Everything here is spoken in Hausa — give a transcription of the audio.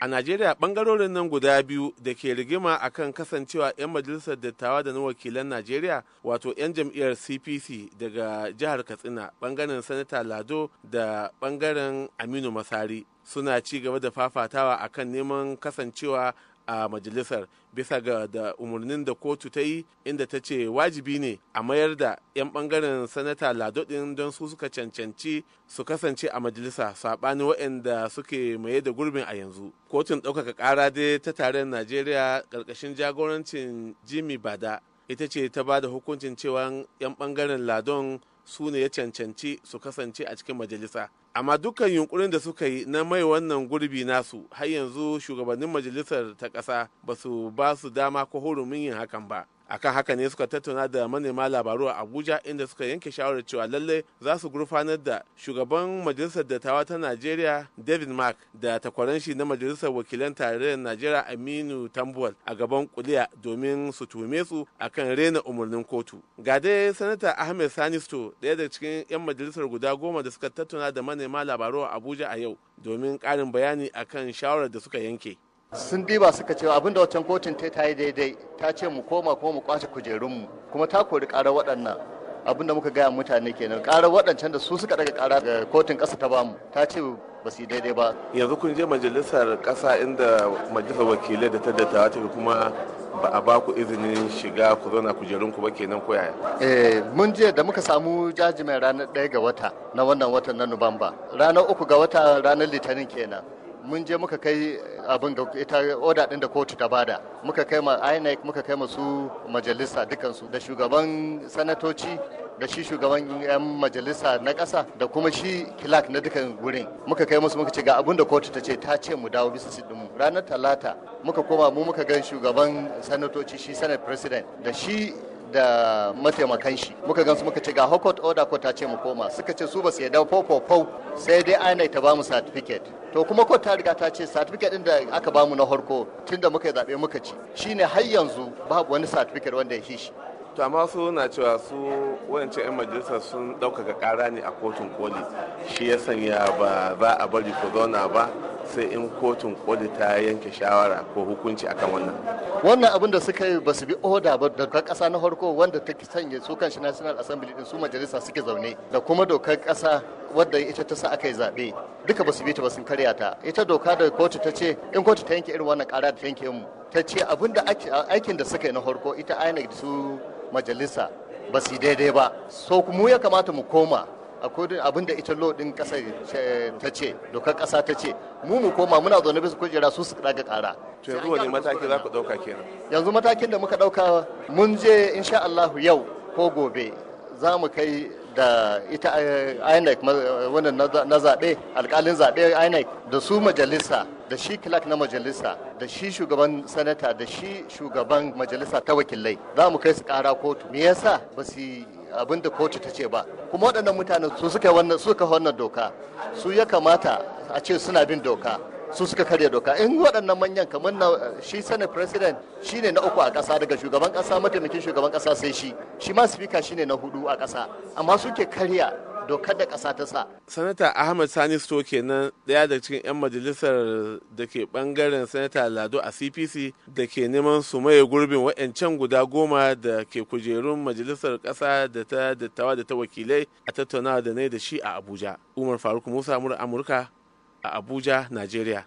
A Najeriya bangarorin nan guda biyu da ke rigima akan kasancewa 'yan majalisar dattawa da na wakilan Najeriya wato 'yan jam'iyyar CPC daga jihar Katsina bangaren Sanata Lado da bangaren Aminu Masari suna ci gaba da fafatawa akan neman kasancewa a majalisar bisa ga da umarnin da kotu ta yi inda ta ce wajibi ne a mayar da 'yan bangaren sanata lado ladodin don su suka cancanci su kasance a majalisa saɓani waɗanda suke maye da gurbin a yanzu kotun ɗaukaka ƙara dai ta taron najeriya ƙarƙashin jagorancin jimmy bada ita ce ta ba da hukuncin cewa 'yan bangaren ladon su ne ya cancanci su kasance a cikin majalisa amma dukkan yunkurin da suka yi na mai wannan gurbi nasu har yanzu shugabannin majalisar ta ƙasa ba su ba su dama ko hurumin yin hakan ba akan haka ne suka tattauna da manema labaru a abuja inda suka yanke shawarar cewa lallai za su gurfanar da shugaban majalisar dattawa ta najeriya david mark da takwaran shi na majalisar wakilan tarayyar najeriya aminu tambuwal a gaban kuliya domin su tume su akan rena umarnin kotu ga dai sanata ahmed sanisto daya da cikin yan majalisar guda goma da suka tattauna da manema labaru a abuja a yau domin karin bayani akan shawarar da suka yanke sun diba suka cewa abin da waccan kotun ta yi daidai ta ce mu koma kuma mu kwace kujerunmu kuma ta kori karar waɗannan abin da muka gaya mutane kenan karar waɗancan da su suka daga karar da kotun ƙasa ta bamu ta ce ba su daidai ba yanzu kun je majalisar ƙasa inda majalisar wakilai da ta dattawa ta kuma ba a ba ku izinin shiga ku zauna kujerunku ba kenan ko yaya eh mun je da muka samu jajimin ranar ɗaya ga wata na wannan watan na nuwamba ranar uku ga wata ranar litinin kenan mun je muka kai abin da ita oda din da kotu ta bada muka kai ma INEC muka kai masu majalisa dukansu da shugaban sanatoci da shi shugaban 'yan majalisa na kasa da kuma shi kilak na dukan gurin muka kai musu muka ce ga abin da kotu ta ce ta ce mu dawo bisa mu ranar talata muka koma mu muka gan shugaban sanatoci shi senate president da shi da mataimakan shi muka gansu muka ce ga hokot oda ko ta ce mu koma suka ce su ba su yadda fo sai dai ana ta bamu satifiket to kuma ko ta riga ta ce satifiket din da aka bamu na harko tunda muka zabe muka ci shine har yanzu babu wani satifiket wanda ya shi to amma su na cewa su wancan 'yan majalisar sun ɗaukaka ƙara ne a kotun koli shi ya sanya ba za a bari ku zauna ba sai in kotun koli ta yanke shawara ko hukunci akan wannan wannan abin da suka yi ba su bi oda ba dokar kasa na farko wanda ta sanya su kan shi national assembly din su majalisa suke zaune da kuma dokar kasa wadda ita ta sa aka yi zaɓe duka ba su bi ta ba sun karya ta ita doka da kotu ta ce in kotu ta yanke irin wannan ƙara da ta yanke mu ta ce abin da aikin da suka yi na farko ita inec su majalisa ba su daidai ba so mu ya kamata mu koma akwai abin da ita lo din kasar eh, ta ce dokar kasa ta ce mu mu koma muna zaune bisa kujera su su daga kara to yanzu wani mataki za ku dauka kenan yanzu matakin da muka dauka mun je insha Allah yau ko gobe za mu kai da ita eh, INEC eh, wannan na zaɓe alƙalin zaɓe INEC da su majalisa da shi clark na majalisa da shi shugaban sanata da shi shugaban majalisa ta wakilai za mu kai su kara kotu me yasa ba su abin da kotu ta ce ba kuma waɗannan mutanen su suka wannan suka wannan doka su ya kamata a ce suna bin doka su suka karya doka in waɗannan manyan kamar na shi sanar president shi ne na uku a ƙasa daga shugaban ƙasa mataimakin shugaban ƙasa sai shi shi ma speaker shi ne na hudu a ƙasa amma suke karya dokar da ƙasa ta sa. Sanata ahmed Sani Sto kenan ɗaya da cikin 'yan majalisar da ke ɓangaren Sanata Lado a CPC da ke neman su maye gurbin wa'yancan guda goma da ke kujerun majalisar ƙasa da ta dattawa da ta wakilai a tattaunawa da na da shi a Abuja. Umar Faruk Musa Amurka a Abuja, Najeriya.